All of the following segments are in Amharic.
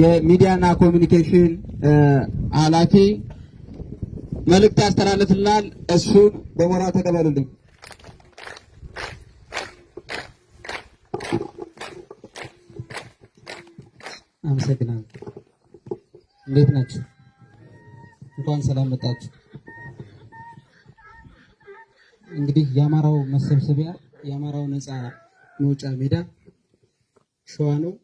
የሚዲያና ኮሚኒኬሽን ኃላፊ መልእክት ያስተላልፍልናል። እሱን በሞራ ተቀበሉልኝ። አመሰግናለሁ። እንዴት ናችሁ? እንኳን ሰላም መጣችሁ። እንግዲህ የአማራው መሰብሰቢያ የአማራው ነፃ መውጫ ሜዳ ሸዋ ነው።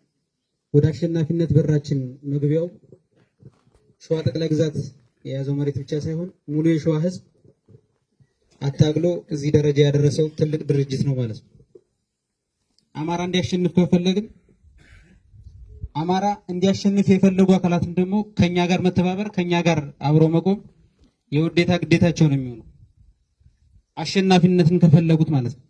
ወደ አሸናፊነት በራችን መግቢያው ሸዋ ጠቅላይ ግዛት የያዘው መሬት ብቻ ሳይሆን ሙሉ የሸዋ ህዝብ አታግሎ እዚህ ደረጃ ያደረሰው ትልቅ ድርጅት ነው ማለት ነው። አማራ እንዲያሸንፍ ከፈለግን አማራ እንዲያሸንፍ የፈለጉ አካላትም ደግሞ ከኛ ጋር መተባበር፣ ከኛ ጋር አብሮ መቆም የውዴታ ግዴታቸው ነው የሚሆነው አሸናፊነትን ከፈለጉት ማለት ነው።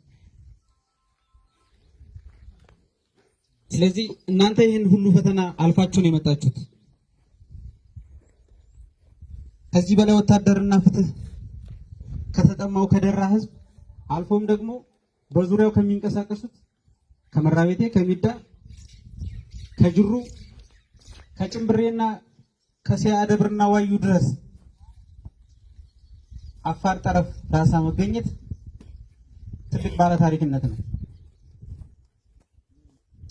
ስለዚህ እናንተ ይህን ሁሉ ፈተና አልፋችሁን የመጣችሁት። ከዚህ በላይ ወታደርና ፍትህ ከተጠማው ከደራ ህዝብ አልፎም ደግሞ በዙሪያው ከሚንቀሳቀሱት ከመራቤቴ፣ ከሚዳ፣ ከጅሩ፣ ከጭምብሬና ከሲያ ደብርና ዋዩ ድረስ አፋር ጠረፍ ራሳ መገኘት ትልቅ ባለታሪክነት ነው።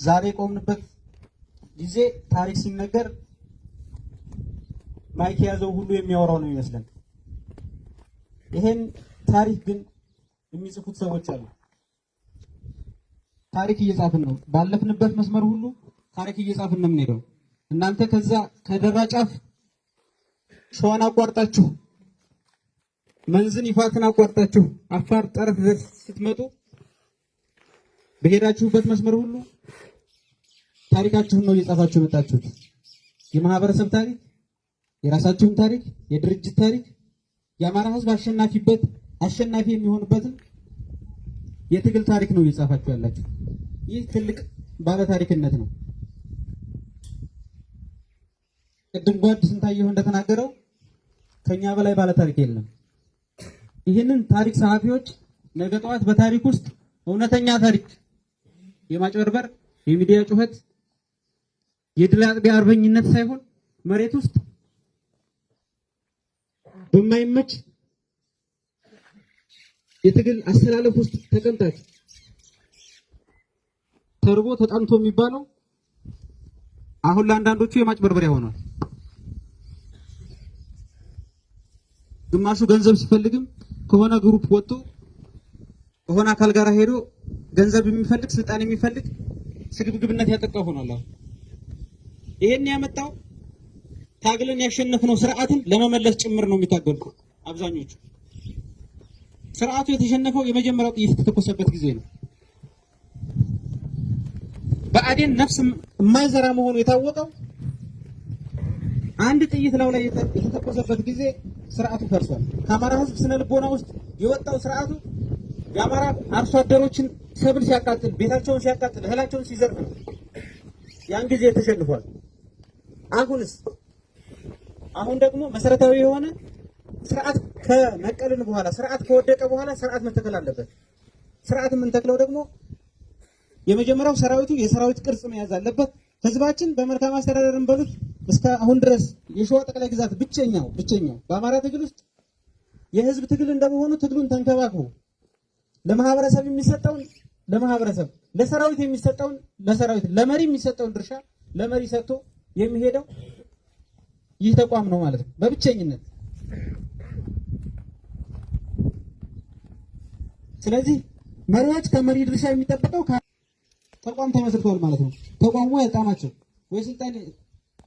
ዛሬ የቆምንበት ጊዜ ታሪክ ሲነገር ማይክ የያዘው ሁሉ የሚያወራው ነው ይመስለን። ይሄን ታሪክ ግን የሚጽፉት ሰዎች አሉ። ታሪክ እየጻፍን ነው። ባለፍንበት መስመር ሁሉ ታሪክ እየጻፍን ነው የምንሄደው። እናንተ ከዛ ከደራ ጫፍ ሸዋን አቋርጣችሁ መንዝን ይፋትን አቋርጣችሁ አፋር ጠረፍ ስትመጡ በሄዳችሁበት መስመር ሁሉ ታሪካችሁን ነው እየጻፋችሁ የመጣችሁት። የማህበረሰብ ታሪክ፣ የራሳችሁን ታሪክ፣ የድርጅት ታሪክ፣ የአማራ ህዝብ አሸናፊበት አሸናፊ የሚሆንበትን የትግል ታሪክ ነው እየጻፋችሁ ያላችሁ። ይህ ትልቅ ባለታሪክነት ነው። ቅድም ጓድ ስንታየሁ እንደተናገረው ከኛ በላይ ባለ ታሪክ የለም። ይህንን ታሪክ ጸሐፊዎች ነገ ጠዋት በታሪክ ውስጥ እውነተኛ ታሪክ የማጭበርበር፣ የሚዲያ ጩኸት የድል አጥቢ አርበኝነት ሳይሆን መሬት ውስጥ በማይመች የትግል አሰላለፍ ውስጥ ተቀምጣችሁ ተርቦ ተጣምቶ የሚባለው አሁን ለአንዳንዶቹ የማጭበርበሪያ ሆኗል። ግማሹ ገንዘብ ሲፈልግም ከሆነ ግሩፕ ወጥቶ ከሆነ አካል ጋር ሄዶ ገንዘብ የሚፈልግ ስልጣን የሚፈልግ ስግብግብነት ያጠቃ ሆኗል አሁን። ይሄን ያመጣው ታግለን ያሸነፍነው ስርዓትን ለመመለስ ጭምር ነው የሚታገልኩ አብዛኞቹ። ስርዓቱ የተሸነፈው የመጀመሪያው ጥይት የተተኮሰበት ጊዜ ነው። በአዴን ነፍስ የማይዘራ መሆኑ የታወቀው አንድ ጥይት ላው ላይ የተተኮሰበት ጊዜ ስርዓቱ ፈርሷል። ከአማራ ህዝብ ስነ ልቦና ውስጥ የወጣው ስርዓቱ የአማራ አርሶ አደሮችን ሰብል ሲያቃጥል፣ ቤታቸውን ሲያቃጥል፣ እህላቸውን ሲዘርፍ ያን ጊዜ ተሸንፏል። አሁንስ አሁን ደግሞ መሰረታዊ የሆነ ስርዓት ከመቀልን በኋላ ስርዓት ከወደቀ በኋላ ስርዓት መተከል አለበት። ስርዓት የምንተክለው ደግሞ የመጀመሪያው ሰራዊቱ የሰራዊት ቅርጽ መያዝ አለበት። ህዝባችን በመልካም አስተዳደር እንበሉት እስከ አሁን ድረስ የሸዋ ጠቅላይ ግዛት ብቸኛው ብቸኛው በአማራ ትግል ውስጥ የህዝብ ትግል እንደመሆኑ ትግሉን ተንከባክቦ ለማህበረሰብ የሚሰጠውን ለማህበረሰብ፣ ለሰራዊት የሚሰጠውን ለሰራዊት፣ ለመሪ የሚሰጠውን ድርሻ ለመሪ ሰጥቶ የሚሄደው ይህ ተቋም ነው ማለት ነው በብቸኝነት። ስለዚህ መሪዎች ከመሪ ድርሻ የሚጠበቀው ተቋም ተመስርቷል ማለት ነው። ተቋሙ ያጣናቸው ወይ ስልጣን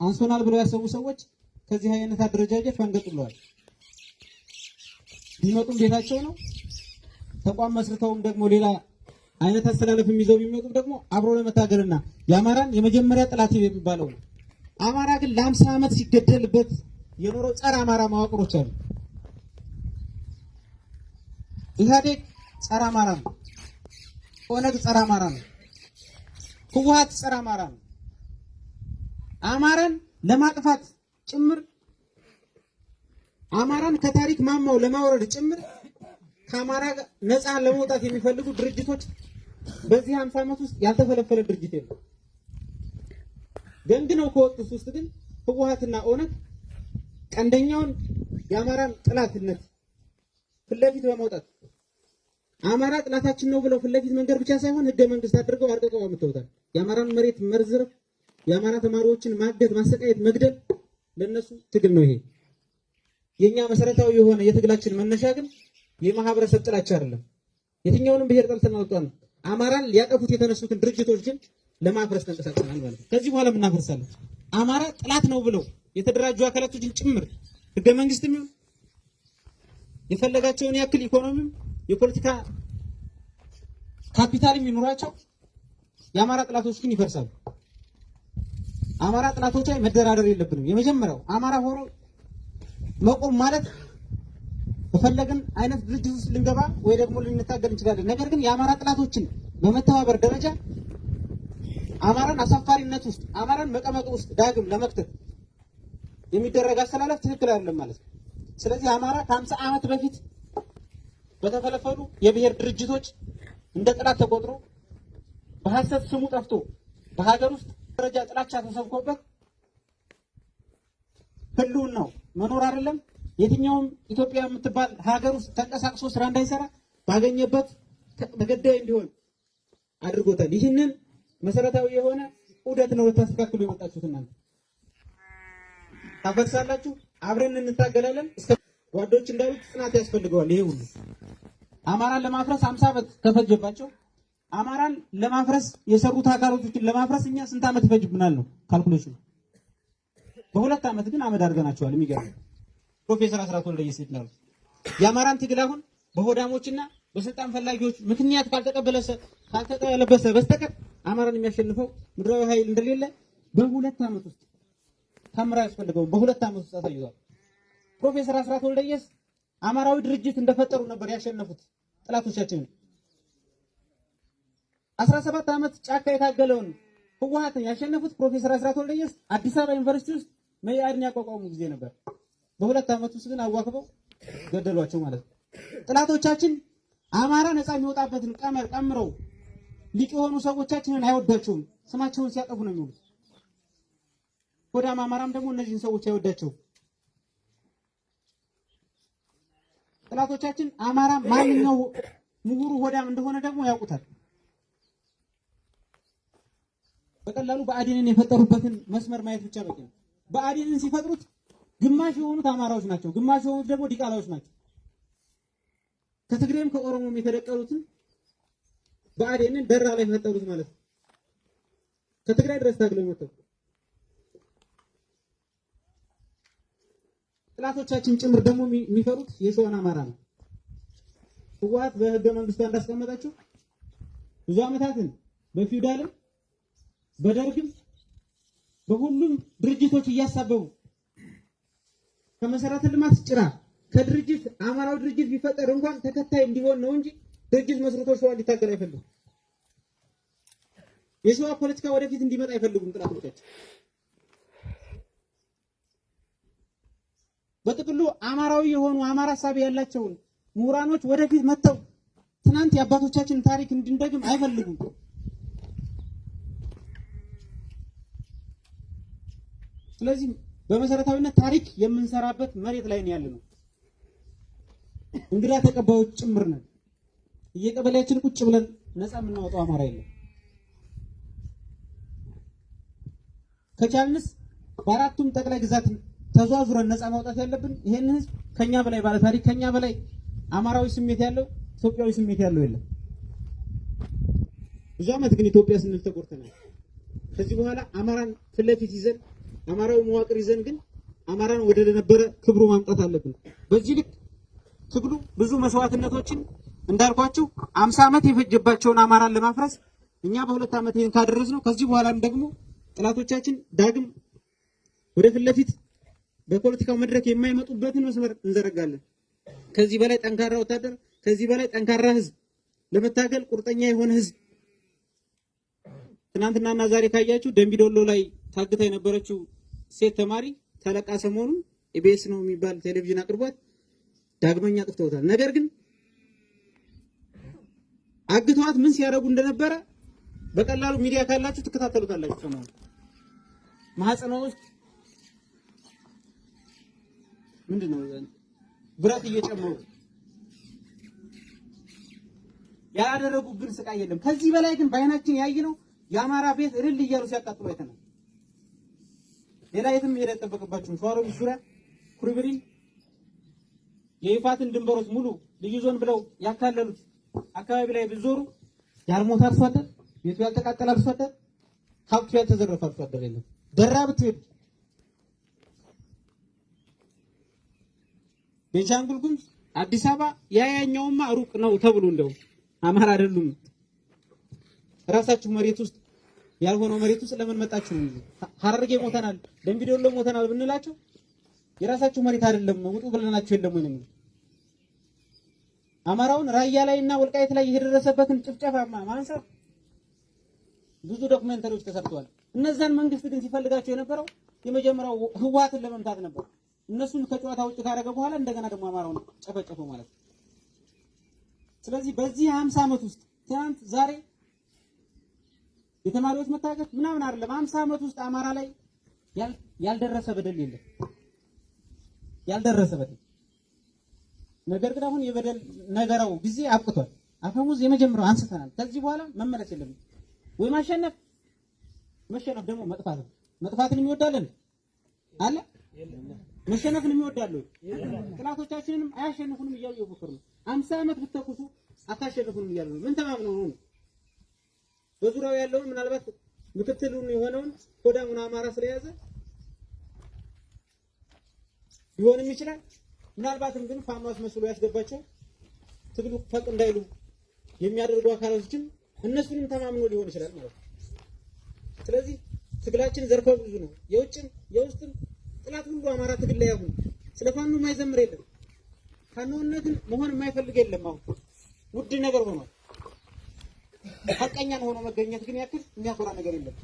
አንሶናል ብለው ያሰቡ ሰዎች ከዚህ አይነት አደረጃጀት ፈንገጥ ብለዋል። ቢመጡም ቤታቸው ነው። ተቋም መስርተውም ደግሞ ሌላ አይነት አስተላለፍ ይዘው ቢመጡም ደግሞ አብሮ ለመታገልና የአማራን የመጀመሪያ ጥላት የሚባለው ነው አማራ ግን ለሀምሳ ዓመት ሲገደልበት የኖረው ጸረ አማራ መዋቅሮች አሉ። ኢህአዴግ ጸረ አማራ ነው። ኦነግ ጸረ አማራ ነው። ህወሀት ጸረ አማራ ነው። አማራን ለማጥፋት ጭምር አማራን ከታሪክ ማማው ለማውረድ ጭምር ከአማራ ነፃ ለመውጣት የሚፈልጉ ድርጅቶች በዚህ 50 ዓመት ውስጥ ያልተፈለፈለ ድርጅት የለም። ገንግነው ከወጡት ውስጥ ግን ህወሓትና ኦነግ ቀንደኛውን የአማራን ጥላትነት ፍለፊት በመውጣት አማራ ጥላታችን ነው ብለው ፍለፊት መንገድ ብቻ ሳይሆን ህገ መንግስት አድርገው አርቀቀው አምጥተውታል። የአማራን መሬት መርዝረፍ፣ የአማራ ተማሪዎችን ማገት፣ ማሰቃየት፣ መግደል ለነሱ ትግል ነው። ይሄ የኛ መሰረታዊ የሆነ የትግላችን መነሻ ግን የማህበረሰብ ጥላቻ አይደለም። የትኛውንም ብሔር ጠልተን አልወጣንም። አማራን ሊያጠፉት የተነሱትን ድርጅቶች ግን ለማፍረስ ተንቀሳቅሰናል ማለት ነው። ከዚህ በኋላ እናፈርሳለን። አማራ ጥላት ነው ብለው የተደራጁ አካላቶችን ጭምር ህገ መንግስትም የፈለጋቸውን ያክል ኢኮኖሚም የፖለቲካ ካፒታልም ይኑራቸው የአማራ ጥላቶች ግን ይፈርሳሉ። አማራ ጥላቶች ላይ መደራደር የለብንም። የመጀመሪያው አማራ ሆኖ መቆም ማለት በፈለግን አይነት ድርጅት ውስጥ ልንገባ ወይ ደግሞ ልንታገል እንችላለን። ነገር ግን የአማራ ጥላቶችን በመተባበር ደረጃ አማራን አሳፋሪነት ውስጥ አማራን መቀመቅ ውስጥ ዳግም ለመክተት የሚደረግ አስተላለፍ ትክክል አይደለም ማለት ነው። ስለዚህ አማራ ከአምሳ ዓመት በፊት በተፈለፈሉ የብሔር ድርጅቶች እንደ ጥላት ተቆጥሮ በሀሰት ስሙ ጠፍቶ በሀገር ውስጥ ደረጃ ጥላቻ ተሰብኮበት ነው መኖር አይደለም። የትኛውም ኢትዮጵያ የምትባል ሀገር ውስጥ ተንቀሳቅሶ ስራ እንዳይሰራ ባገኘበት ተገዳይ እንዲሆን አድርጎታል። ይህንን መሰረታዊ የሆነ ዑደት ነው ልታስተካክሉ የመጣችሁት እናንተ። ታፈርሳላችሁ አብረን እንታገላለን። እስከ ጓዶች እንዳሉት ጽናት ያስፈልገዋል። ይሄ ሁሉ አማራን ለማፍረስ ሀምሳ ዓመት ተፈጀባቸው። አማራን ለማፍረስ የሰሩት አካሎችን ለማፍረስ እኛ ስንት ዓመት ፈጅብናል ነው ካልኩሌሽኑ። በሁለት ዓመት ግን አመድ አድርገናቸዋል። የሚገርም ፕሮፌሰር አስራት ወልደየስ ይላሉት የአማራን ትግል አሁን በሆዳሞችና በስልጣን ፈላጊዎች ምክንያት ካልተቀበለሰ ካልተቀለበሰ በስተቀር አማራን የሚያሸንፈው ምድራዊ ኃይል እንደሌለ በሁለት ዓመት ውስጥ ታምራ ያስፈልገው በሁለት ዓመት ውስጥ አሳይቷል። ፕሮፌሰር አስራት ወልደየስ አማራዊ ድርጅት እንደፈጠሩ ነበር ያሸነፉት ጠላቶቻችንን። ሰባት ዓመት ጫካ የታገለውን ህወሓትን ያሸነፉት ፕሮፌሰር አስራት ወልደየስ አዲስ አበባ ዩኒቨርሲቲ ውስጥ መኢአድን ያቋቋሙ ጊዜ ነበር። በሁለት ዓመት ውስጥ ግን አዋክበው ገደሏቸው ማለት ነው። ጠላቶቻችን አማራ ነፃ የሚወጣበትን ቀመር ቀምረው ሊቅ የሆኑ ሰዎቻችንን አይወዳቸውም። ስማቸውን ሲያጠፉ ነው የሚሉት። ጎዳማ አማራም ደግሞ እነዚህን ሰዎች አይወዳቸውም። ጥላቶቻችን አማራ ማንኛው ምሁሩ ሆዳም እንደሆነ ደግሞ ያውቁታል። በቀላሉ በአዲንን የፈጠሩበትን መስመር ማየት ብቻ በቂ ነው። በአዲንን ሲፈጥሩት ግማሽ የሆኑት አማራዎች ናቸው፣ ግማሽ የሆኑት ደግሞ ዲቃላዎች ናቸው። ከትግሬም ከኦሮሞም የተደቀሉትን ብአዴንን ደራ ላይ ፈጠሩት ማለት ነው። ከትግራይ ድረስ ታግለው መጥተው ጥላቶቻችን ጭምር ደግሞ የሚፈሩት የሸዋን አማራ ነው። ህወሓት በህገ መንግስቷ እንዳስቀመጠችው ብዙ አመታትን በፊውዳልም በደርግም በሁሉም ድርጅቶች እያሳበቡ ከመሰረተ ልማት ጭራ ከድርጅት አማራው ድርጅት ቢፈጠር እንኳን ተከታይ እንዲሆን ነው እንጂ ድርጅት መስርቶ ስራ እንዲታገል አይፈልጉም። የሸዋ ፖለቲካ ወደፊት እንዲመጣ አይፈልጉም። ጥላት በጥቅሉ አማራዊ የሆኑ አማራ ሳቢ ያላቸውን ምሁራኖች ወደፊት መጥተው ትናንት የአባቶቻችን ታሪክ እንድንደግም አይፈልጉም። ስለዚህ በመሰረታዊነት ታሪክ የምንሰራበት መሬት ላይ ነው ያለነው። እንግዳ ተቀባዮች ጭምር ነን። እየቀበሌያችን ቁጭ ብለን ነፃ የምናወጣው አማራ የለም። ከቻልንስ በአራቱም ጠቅላይ ግዛት ተዟዙረን ነፃ ማውጣት ያለብን ይሄን ህዝብ ከኛ በላይ ባለታሪክ ከኛ በላይ አማራዊ ስሜት ያለው ኢትዮጵያዊ ስሜት ያለው የለም። ብዙ ዓመት ግን ኢትዮጵያ ስንል ተቆርተናል። ከዚህ በኋላ አማራን ፊት ለፊት ይዘን አማራዊ መዋቅር ይዘን ግን አማራን ወደ ነበረ ክብሩ ማምጣት አለብን። በዚህ ልክ ትግሉ ብዙ መስዋዕትነቶችን እንዳልኳችሁ አምሳ ዓመት የፈጀባቸውን አማራን ለማፍረስ እኛ በሁለት ዓመት ይህን ካደረስ ነው። ከዚህ በኋላም ደግሞ ጥላቶቻችን ዳግም ወደ ፊት ለፊት በፖለቲካው መድረክ የማይመጡበትን መስመር እንዘረጋለን። ከዚህ በላይ ጠንካራ ወታደር፣ ከዚህ በላይ ጠንካራ ህዝብ፣ ለመታገል ቁርጠኛ የሆነ ህዝብ ትናንትናና ዛሬ ካያችሁ ደምቢዶሎ ላይ ታግታ የነበረችው ሴት ተማሪ ተለቃ ሰሞኑን ኢቢኤስ ነው የሚባል ቴሌቪዥን አቅርቧት ዳግመኛ ጥፍተውታል። ነገር ግን አግተዋት ምን ሲያደርጉ እንደነበረ በቀላሉ ሚዲያ ካላችሁ ትከታተሉታላችሁ። ሰሞኑን ማህፀኗ ውስጥ ምንድን ነው ብረት እየጨመሩ ያላደረጉብን ስቃይ የለም። ከዚህ በላይ ግን በአይናችን ያየነው የአማራ ቤት እልል እያሉ ሲያቃጥሉ አይተናል። ሌላ የትም መሄድ አይጠበቅባችሁም። ሸዋሮቢት ዙሪያ ኩሪብሪ የይፋትን ድንበሮች ሙሉ ልዩ ዞን ብለው ያካለሉት አካባቢ ላይ ብዞሩ ያልሞተ አርሶ አደር፣ ቤቱ ያልተቃጠለ አርሶ አደር፣ ሀብቱ ያልተዘረፈ አርሶ አደር የለም። ደራ ብትሄዱ ቤንሻንጉል ጉሙዝ አዲስ አበባ ያያኛውማ ሩቅ ነው ተብሎ እንደው አማራ አይደሉም። ራሳችሁ መሬት ውስጥ ያልሆነው መሬት ውስጥ ለምን መጣችሁ? ሀረርጌ ሞተናል፣ ደንቢዶሎ ሞተናል ብንላቸው የራሳችሁ መሬት አይደለም ውጡ ብለናችሁ የለም ወይ ነው አማራውን ራያ ላይ እና ወልቃይት ላይ የደረሰበትን ጭፍጨፋ ማንሳት ብዙ ዶክመንተሪዎች ተሰርተዋል። እነዛን መንግስት ግን ሲፈልጋቸው የነበረው የመጀመሪያው ህወሓትን ለመምታት ነበር። እነሱን ከጨዋታ ውጭ ካደረገ በኋላ እንደገና ደግሞ አማራውን ጨፈጨፈው ማለት ነው። ስለዚህ በዚህ ሀምሳ ዓመት ውስጥ ትናንት ዛሬ የተማሪዎች መታገት ምናምን አይደለም። ሀምሳ ዓመት ውስጥ አማራ ላይ ያልደረሰ በደል የለም። ያልደረሰ በደል ነገር ግን አሁን የበደል ነገረው ጊዜ አብቅቷል። አፈሙዝ የመጀመሪያው አንስተናል። ከዚህ በኋላ መመለስ የለም ወይ ማሸነፍ። መሸነፍ ደግሞ መጥፋት ነው። መጥፋትን የሚወዳለን አለ መሸነፍን የሚወዳሉ ጥላቶቻችንንም አያሸንፉንም እያሉ እየፎከሩ ነው። አምሳ ዓመት ብትተኩሱ አታሸንፉንም እያሉ ነው። ምን ተማምነው ነው? በዙሪያው ያለውን ምናልባት ምክትሉን የሆነውን ሆዳሙን አማራ ስለያዘ ሊሆንም ይችላል። ምናልባትም ግን ፋኖ አስመስሎ ያስገባቸው ትግሉ ፈቅ እንዳይሉ የሚያደርጉ አካላቶችም እነሱንም ተማምኖ ሊሆን ይችላል ማለት ነው። ስለዚህ ትግላችን ዘርፈ ብዙ ነው። የውጭም የውስጥም ጥላት ሁሉ አማራ ትግል ላይ ያሁን ስለ ፋኖ የማይዘምር የለም። ፋኖነትን መሆን የማይፈልግ የለም። አሁን ውድ ነገር ሆኗል። ሀቀኛን ሆኖ መገኘት ግን ያክል የሚያኮራ ነገር የለም።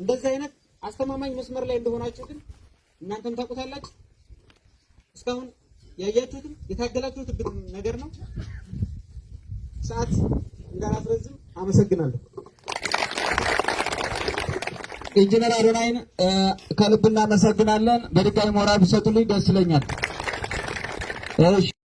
እንደዚህ አይነት አስተማማኝ መስመር ላይ እንደሆናችሁ ግን እናንተም ታውቁታላችሁ። እስካሁን ያያችሁትም የታገላችሁትም ነገር ነው። ሰዓት እንዳላስረዝም አመሰግናለሁ። ኢንጂነር አዶናይን ከልብ እናመሰግናለን። በድጋሚ ሞራል ቢሰጡልኝ ደስ ይለኛል።